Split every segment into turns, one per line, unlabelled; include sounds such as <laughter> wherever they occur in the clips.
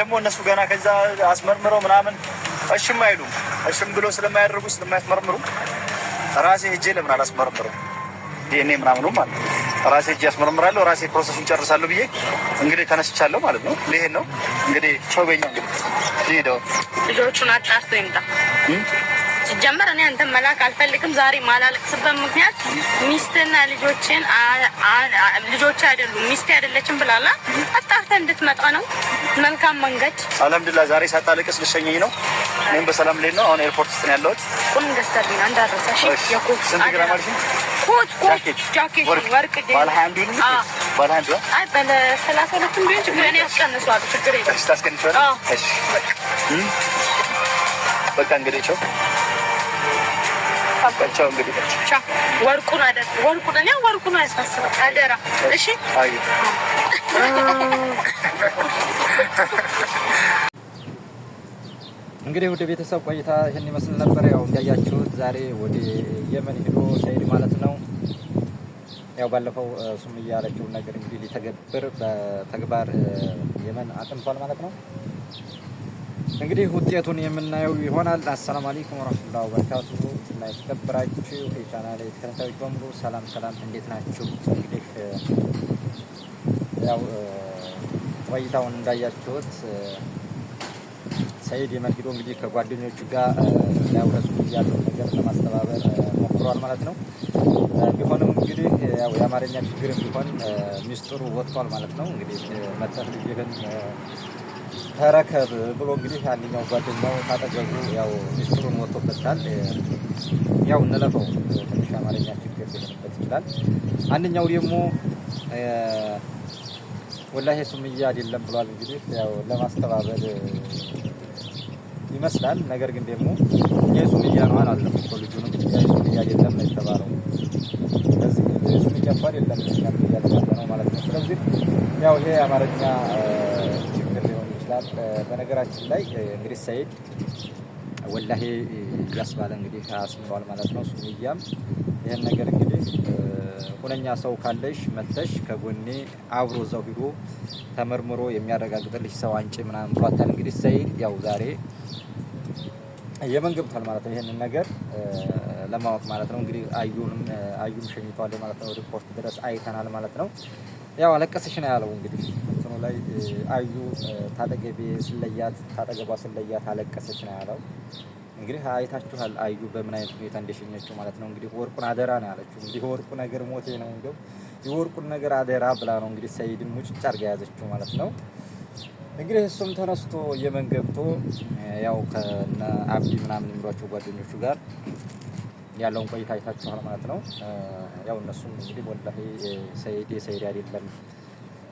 ደግሞ እነሱ ገና ከዛ አስመርምረው ምናምን እሽም አይሉም። እሽም ብሎ ስለማያደርጉ ስለማያስመርምሩ ራሴ ሄጄ ለምን አላስመርምረው እኔ ምናምኑ ማለት ራሴ ሄጄ አስመርምራለሁ ራሴ ፕሮሰሱን ጨርሳለሁ ብዬ እንግዲህ ተነስቻለሁ ማለት ነው። ይሄን ነው እንግዲህ ቸው በኛ ሄደው
ልጆቹን አጣርቶ ይምጣ ሲጀመር እኔ አንተ መላክ አልፈልግም። ዛሬ ማላለቅስበት ምክንያት ሚስትና ልጆችን ልጆች አይደሉም ሚስቴ አይደለችም ብላላ አጣርተህ እንድትመጣ ነው። መልካም መንገድ።
አልሐምዱሊላህ ዛሬ ሳታለቅስ ልሸኘኝ ነው። እኔም በሰላም ልሄድ ነው። አሁን ኤርፖርት ውስጥ ነው ያለሁት።
ቁም ገዝተልኝ እንዳረሳሽ
የኮት ስንት ግራም አልሽኝ?
ኮት ኮት ጃኬት ወርቅ
ባለ አንዱ ባለ አንዱ
አይ ባለ ሰላሳ ሁለቱም ቢሆን ችግር እኔ ያስቀንሷል።
ችግር የለም ታስቀንሷል። በቃ እንግዲህ ቸው በቃቸው እንግዲህ
ወርቁን አደ ወርቁን እኔ ወርቁን አያሳስብም። አደራ እሺ። <laughs>
እንግዲህ ወደ ቤተሰብ ቆይታ ይህን ይመስል ነበር። ያው እንዳያችሁት ዛሬ ወደ የመን ሄዶ ሰይድ ማለት ነው። ያው ባለፈው ሱምያ እያለችውን ነገር እንግዲህ ሊተገብር በተግባር የመን አቅንቷል ማለት ነው። እንግዲህ ውጤቱን የምናየው ይሆናል። አሰላሙ አለይኩም ወረህመቱላሂ ወበረካቱሁ እና የተከበራችሁ የቻናል የተከታታዮች በሙሉ ሰላም ሰላም፣ እንዴት ናችሁ? እንግዲህ ያው ቆይታውን እንዳያችሁት ሰይድ የመርጊዶ እንግዲህ ከጓደኞቹ ጋር ያውረሱ ያለው ነገር ለማስተባበር ሞክሯል ማለት ነው። ቢሆንም እንግዲህ ያው የአማርኛ ችግር ቢሆን ሚስጥሩ ወጥቷል ማለት ነው። እንግዲህ መጠፍ ልጅህን ተረከብ ብሎ እንግዲህ አንደኛው ጓደኛው ካጠገቡ ያው ሚስጥሩን ወጥቶበታል። ያው እንለፈው። ትንሽ አማርኛ ችግር ሊሆንበት ይችላል። አንደኛው ደግሞ ወላሂ ሱምያ አይደለም ብሏል። እንግዲህ ያው ለማስተባበል ይመስላል። ነገር ግን ደግሞ የሱምያ ነው አላለም እኮ ልጁ ነው የሱምያ አይደለም የተባለው ስለዚህ የሱምያ እኮ አይደለም ነው ማለት ነው። ስለዚህ ያው ይሄ አማርኛ ችግር ሊሆን ይችላል። በነገራችን ላይ እንግዲህ ሰይድ ወላሄ እያስባለ እንግዲህ አስምረዋል ማለት ነው። ሱምያም ይህን ነገር እንግዲህ ሁነኛ ሰው ካለሽ መተሽ ከጎኔ አብሮ እዛው ሂዶ ተመርምሮ የሚያረጋግጥልሽ ሰው አንጭ ምናምን ብሏታል። እንግዲህ ሰይድ ያው ዛሬ የመን ገብቷል ማለት ነው። ይህንን ነገር ለማወቅ ማለት ነው እንግዲህ አዩንም አዩም ሸኝቷል ማለት ነው። ሪፖርት ድረስ አይተናል ማለት ነው። ያው አለቀስሽ ነው ያለው እንግዲህ ዘፈኑ ላይ አዩ ታጠገቤ ስለያት ታጠገቧ ስለያት አለቀሰች ነው ያለው። እንግዲህ አይታችኋል አዩ በምን አይነት ሁኔታ እንደሸኘችው ማለት ነው። እንግዲህ ወርቁን አደራ ነው ያለችው። እንግዲህ ወርቁ ነገር ሞቴ ነው እንደው የወርቁን ነገር አደራ ብላ ነው እንግዲህ ሰይድን ሙጭጭ አርጋ የያዘችው ማለት ነው። እንግዲህ እሱም ተነስቶ የመን ገብቶ ያው ከነ አብዲ ምናምን የሚሏቸው ጓደኞቹ ጋር ያለውን ቆይታ አይታችኋል ማለት ነው። ያው እነሱም እንግዲህ ወላሂ ሰይድ የሰይድ አይደለም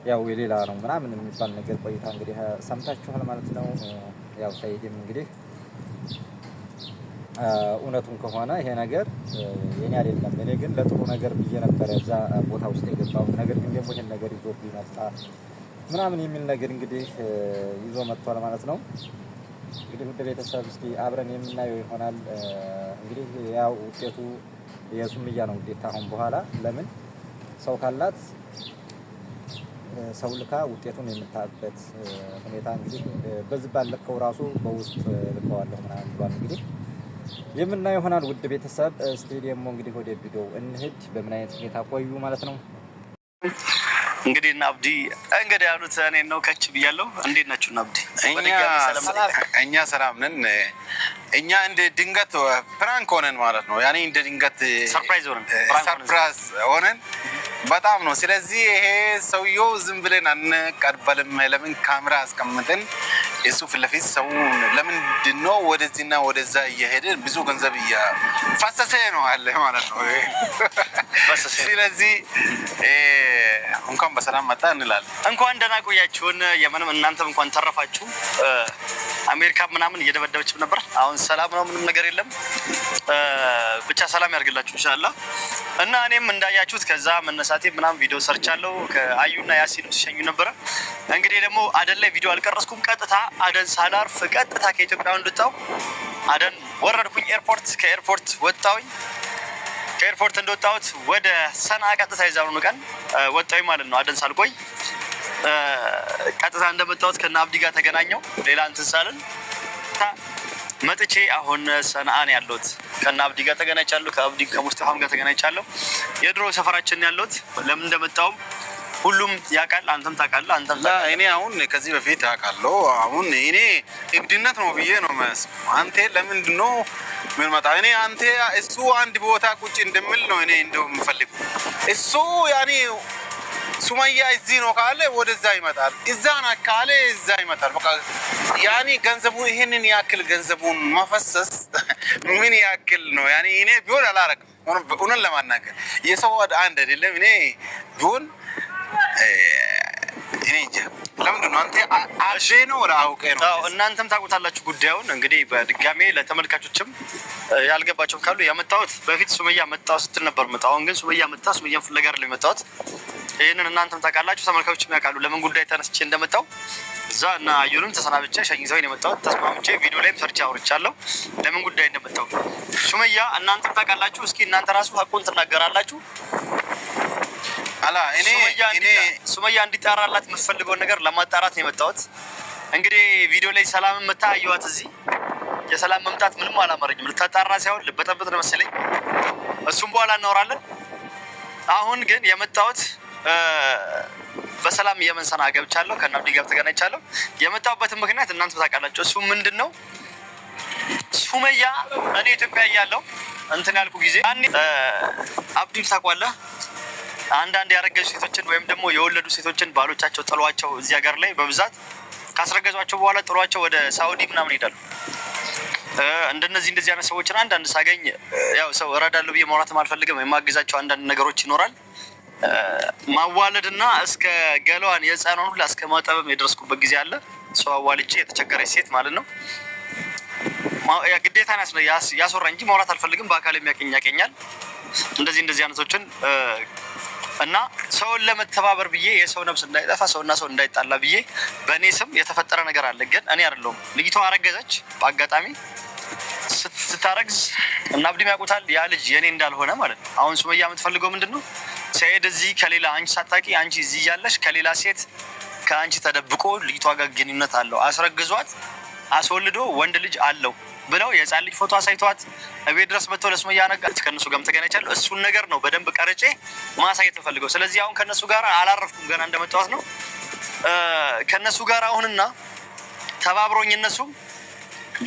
ያው የሌላ ነው ምናምን የሚባል ነገር ቆይታ እንግዲህ ሰምታችኋል ማለት ነው። ያው ሰይድም እንግዲህ እውነቱን ከሆነ ይሄ ነገር የኔ አይደለም። እኔ ግን ለጥሩ ነገር ብዬ ነበረ እዛ ቦታ ውስጥ የገባው ነገር ግን ደግሞ ይሄን ነገር ይዞ ቢመጣ ምናምን የሚል ነገር እንግዲህ ይዞ መጥቷል ማለት ነው። እንግዲህ ውድ ቤተሰብ እስኪ አብረን የምናየው ይሆናል። እንግዲህ ያው ውጤቱ የሱምያ ነው ውጤት አሁን በኋላ ለምን ሰው ካላት ሰው ልካ ውጤቱን የምታበት ሁኔታ እንግዲህ በዚህ ባለከው ራሱ በውስጥ ልከዋለሁ ምናምን ብሏል። እንግዲህ የምናየው ይሆናል። ውድ ቤተሰብ ስቴዲየሙ እንግዲህ ወደ ቪዲዮ እንሂድ። በምን አይነት ሁኔታ ቆዩ ማለት ነው።
እንግዲህ እና አብዲ እንግዲህ ያሉት እኔ ነው ከች ብያለሁ። እንዴት ናችሁ? እና አብዲ እኛ ሰላም ነን። እኛ እንደ ድንገት ፕራንክ ሆነን ማለት ነው ያኔ እንደ ድንገት ሰርፕራይዝ ሆነን በጣም ነው። ስለዚህ ይሄ ሰውየው ዝም ብለን አንቀበልም። ለምን ካሜራ አስቀምጠን የሱ ፊት ለፊት ሰው ለምንድን ነው ወደዚህና ወደዛ እየሄደ ብዙ ገንዘብ እያፈሰሰ ነው አለ ማለት ነው። ስለዚህ እንኳን በሰላም መጣ እንላለን።
እንኳን ደህና ቆያችሁን። የምንም እናንተም እንኳን ተረፋችሁ። አሜሪካ ምናምን እየደበደበችም ነበር። አሁን ሰላም ነው፣ ምንም ነገር የለም። ብቻ ሰላም ያድርግላችሁ እንሻላ እና እኔም እንዳያችሁት ከዛ መነሳቴ ምናምን ቪዲዮ ሰርቻለሁ። ከአዩና ያሲን ሲሸኙ ነበረ። እንግዲህ ደግሞ አደን ላይ ቪዲዮ አልቀረስኩም። ቀጥታ አደን ሳላርፍ ቀጥታ ከኢትዮጵያ እንደወጣሁ አደን ወረድኩኝ ኤርፖርት። ከኤርፖርት ወጣሁኝ። ከኤርፖርት እንደወጣሁት ወደ ሰና ቀጥታ የዛኑ ቀን ወጣኝ ማለት ነው፣ አደን ሳልቆይ ቀጥታ እንደምታወት ከነ አብዲ ጋር ተገናኘው ሌላ እንትን ሳልን መጥቼ አሁን ሰንአን ያለሁት ከነ አብዲ ጋር ተገናኝቻለሁ። ከአብዲ ከሙስጠፋም ጋር ተገናኝቻለሁ። የድሮ ሰፈራችን ያለሁት ለምን እንደመጣውም ሁሉም ያውቃል። አንተም ታውቃለህ። አንተም
እኔ አሁን ከዚህ በፊት አውቃለሁ። አሁን እኔ እብድነት ነው ብዬ ነው መስ አንቴ ለምንድን ነው ምን መጣ? እኔ አንቴ እሱ አንድ ቦታ ቁጭ እንደምል ነው እኔ እንደው የምፈልገው እሱ ያኔ ሱመያ እዚህ ነው ካለ ወደዛ ይመጣል፣ እዛ ናት ካለ እዛ ይመጣል። በቃ ያኔ ገንዘቡ ይሄንን ያክል ገንዘቡን መፈሰስ ምን ያክል ነው? ያኔ እኔ ቢሆን አላረግም። እውነት ለማናገር የሰው ወደ አንድ አይደለም። እኔ ቢሆን እኔ እንጃ ለምንድን አንተ ነው ወደ አውቄ
ነው? እናንተም ታውቁታላችሁ ጉዳዩን። እንግዲህ በድጋሜ ለተመልካቾችም ያልገባቸው ካሉ ያመጣሁት በፊት ሱመያ መጣሁ ስትል ነበር መጣሁ። አሁን ግን ሱመያ መጣ ሱመያ ፍለጋ አይደለም የመጣሁት ይህንን እናንተም ታውቃላችሁ፣ ተመልካዮች የሚያውቃሉ። ለምን ጉዳይ ተነስቼ እንደመጣው እዛ እና አዩንም ተሰናብቼ ሸኝዘውኝ የመጣሁት ተስማምቼ ቪዲዮ ላይም ሰርቼ አውርቻለሁ። ለምን ጉዳይ እንደመጣው ሱመያ እናንተም ታውቃላችሁ። እስኪ እናንተ ራሱ ሀቁን ትናገራላችሁ። አላ እኔ ሱመያ እንዲጣራላት የምትፈልገውን ነገር ለማጣራት ነው የመጣሁት። እንግዲህ ቪዲዮ ላይ ሰላምን መታ አየዋት እዚህ የሰላም መምጣት ምንም አላመረኝም። ልታጣራ ሳይሆን ልበጠበጥ ነው መሰለኝ። እሱም በኋላ እናወራለን። አሁን ግን የመጣሁት በሰላም የመንሰና ገብቻለሁ ከናብዲ ጋር ተገናኝቻለሁ። የመጣሁበትን ምክንያት እናንተ ታውቃላችሁ። እሱ ምንድን ነው ሱመያ እኔ ኢትዮጵያ እያለሁ እንትን ያልኩ ጊዜ አብዲም ታውቋለህ፣ አንዳንድ ያረገዙ ሴቶችን ወይም ደግሞ የወለዱ ሴቶችን ባሎቻቸው ጥሏቸው እዚህ ሀገር ላይ በብዛት ካስረገዟቸው በኋላ ጥሏቸው ወደ ሳውዲ ምናምን ይሄዳሉ። እንደነዚህ እንደዚህ አይነት ሰዎችን አንዳንድ ሳገኝ ያው ሰው እረዳለሁ ብዬ መውራትም አልፈልግም። የማግዛቸው አንዳንድ ነገሮች ይኖራል ማዋለድና እስከ ገለዋን የህፃኗን ሁላ እስከ ማጠበም የደረስኩበት ጊዜ አለ። ሰው አዋልጬ የተቸገረች ሴት ማለት ነው። ግዴታ ያስወራ እንጂ ማውራት አልፈልግም። በአካል የሚያቀኝ ያቀኛል። እንደዚህ እንደዚህ አይነቶችን እና ሰውን ለመተባበር ብዬ የሰው ነብስ እንዳይጠፋ ሰውና ሰው እንዳይጣላ ብዬ በእኔ ስም የተፈጠረ ነገር አለ። ግን እኔ አይደለሁም። ልጅቷ አረገዘች በአጋጣሚ ስታረግዝ እና አብዲም ያውቁታል። ያ ልጅ የእኔ እንዳልሆነ ማለት ነው። አሁን ሱመያ የምትፈልገው ምንድን ነው? ሲሄድ እዚህ ከሌላ አንቺ ሳታቂ አንቺ እዚህ እያለሽ ከሌላ ሴት ከአንቺ ተደብቆ ልጅቷ ጋር ግንኙነት አለው አስረግዟት አስወልዶ ወንድ ልጅ አለው ብለው የህፃን ልጅ ፎቶ አሳይቷት እቤት ድረስ መጥቶ ለሱመያ ነጋ ከእነሱ ጋርም ተገናኝቻለሁ። እሱን ነገር ነው በደንብ ቀርጬ ማሳየት ተፈልገው። ስለዚህ አሁን ከእነሱ ጋር አላረፍኩም፣ ገና እንደመጣሁት ነው ከእነሱ ጋር አሁንና ተባብሮኝ እነሱ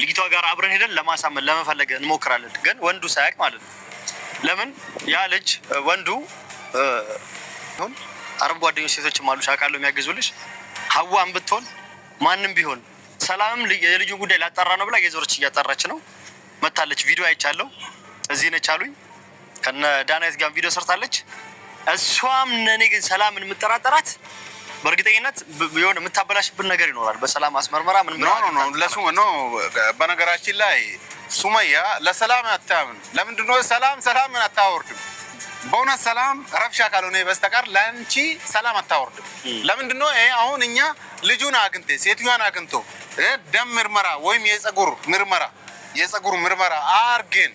ልጅቷ ጋር አብረን ሄደን ለማሳመን ለመፈለግ እንሞክራለን። ግን ወንዱ ሳያቅ ማለት ነው። ለምን ያ ልጅ ወንዱ ሁን አረብ ጓደኞች ሴቶችም አሉሽ አውቃለሁ፣ የሚያግዙልሽ ሀዋም ብትሆን ማንም ቢሆን ሰላምም የልጁን ጉዳይ ላጣራ ነው ብላ የዞረች እያጣራች ነው። መታለች። ቪዲዮ አይቻለሁ። እዚህ ነች አሉኝ። ከነ ዳናይት ጋር ቪዲዮ ሰርታለች። እሷም ነኔ ግን ሰላምን የምጠራጠራት በእርግጠኝነት የሆነ የምታበላሽብን ነገር ይኖራል። በሰላም አስመርመራ ምን
በነገራችን ላይ ሱመያ ለሰላም አታምን። ለምንድነው ሰላም ሰላምን አታወርድም? በእውነት ሰላም ረብሻ ካልሆነ በስተቀር ለአንቺ ሰላም አታወርድም። ለምንድን ነው ይሄ? አሁን እኛ ልጁን አግኝቴ ሴትዮዋን አግኝቶ ደም ምርመራ ወይም የጸጉር ምርመራ የጸጉር ምርመራ አርገን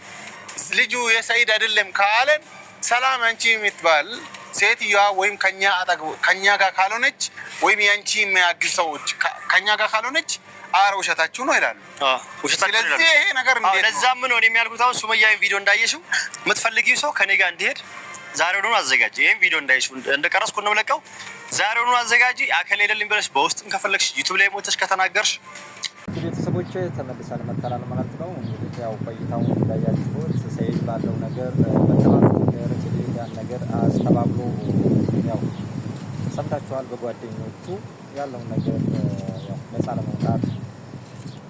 ልጁ የሰይድ አይደለም ካለን ሰላም አንቺ የምትባል ሴትዮዋ ወይም ከኛ ጋር ካልሆነች ወይም የአንቺ የሚያግል ሰዎች ከኛ ጋር ካልሆነች አረ ውሸታችሁ ነው ይላሉ።
ስለዚህ ይሄ ነገር እንዴት ነው? ለዛም ነው አሁን ሱመያዊ ቪዲዮ እንዳየሽው የምትፈልጊው ሰው ከኔ ጋር እንዲሄድ ሆኖ አዘጋጅ። ይህም ቪዲዮ እንዳይሱ እንደቀረስኩ ነው ለቀው ሆኖ አዘጋጂ። አከል አይደለም ብለሽ በውስጥም ከፈለግሽ ዩቱብ ላይ ሞተሽ ከተናገርሽ
ቤተሰቦች ተመልሰን መተናል ማለት ነው። እንግዲህ ያው ቆይታው እንዳያችሁት ሰይድ ባለው ነገር በተባለው ነገር ያን ነገር አስተባብሎ ያው ሰምታችኋል። በጓደኞቹ ያለውን ነገር ያው ነፃ ለመውጣት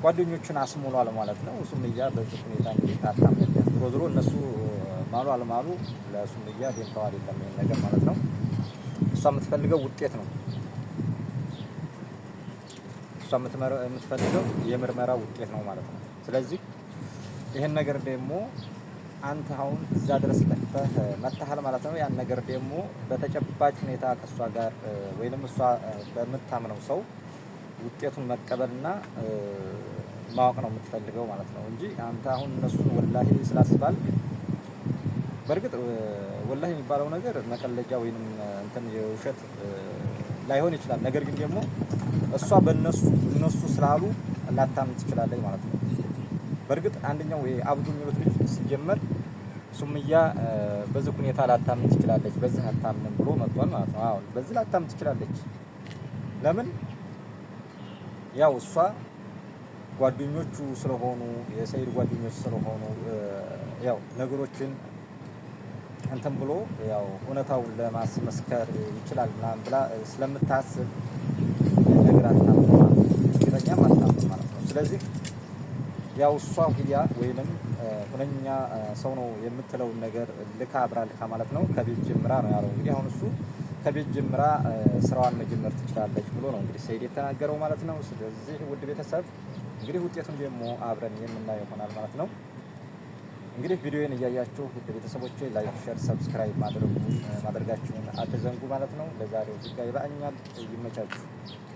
ጓደኞቹን አስሙሏል ማለት ነው። ሱምያ በዚህ ሁኔታ እንግዲህ ታታመለ ዞሮ ዞሮ እነሱ ማሉ አልማሉ ለሱምያ ቤንተዋል የለም ይሄን ነገር ማለት ነው። እሷ የምትፈልገው ውጤት ነው። እሷ የምትፈልገው የምርመራ ውጤት ነው ማለት ነው። ስለዚህ ይህን ነገር ደግሞ አንተ አሁን እዛ ድረስ ለፍተህ መታሃል ማለት ነው። ያን ነገር ደግሞ በተጨባጭ ሁኔታ ከእሷ ጋር ወይም እሷ በምታምነው ሰው ውጤቱን መቀበልና ማወቅ ነው የምትፈልገው ማለት ነው እንጂ አንተ አሁን እነሱን ወላሂ ስላስባል በእርግጥ ወላሂ የሚባለው ነገር መቀለጃ ወይም እንትን የውሸት ላይሆን ይችላል። ነገር ግን ደግሞ እሷ በእነሱ እነሱ ስላሉ ላታምን ትችላለች ማለት ነው። በእርግጥ አንደኛው አብዱ የሚሉት ልጅ ሲጀመር ሱምያ በዚህ ሁኔታ ላታምን ትችላለች፣ በዚህ አታምንም ብሎ መጥቷል ማለት ነው። አሁን በዚህ ላታምን ትችላለች ለምን ያው እሷ ጓደኞቹ ስለሆኑ የሰይድ ጓደኞች ስለሆኑ ያው ነገሮችን እንትን ብሎ ያው እውነታውን ለማስመስከር ይችላል ምናምን ብላ ስለምታስብ ነግራት ናቸውረኛ ማለት ነው። ስለዚህ ያው እሷ ሂዲያ ወይንም ሁነኛ ሰው ነው የምትለውን ነገር ልካ አብራ ልካ ማለት ነው ከቤት ጀምራ ነው ያለው እንግዲህ አሁን እሱ ከቤት ጀምራ ስራዋን መጀመር ትችላለች ብሎ ነው እንግዲህ ሰይድ የተናገረው ማለት ነው። ስለዚህ ውድ ቤተሰብ እንግዲህ ውጤቱን ደግሞ አብረን የምናየው ይሆናል ማለት ነው። እንግዲህ ቪዲዮን እያያችሁ ውድ ቤተሰቦች ላይክ፣ ሸር፣ ሰብስክራይብ ማድረጉ ማድረጋችሁን አትዘንጉ ማለት ነው። ለዛሬው ጉዳይ ባኛል። ይመቻችሁ።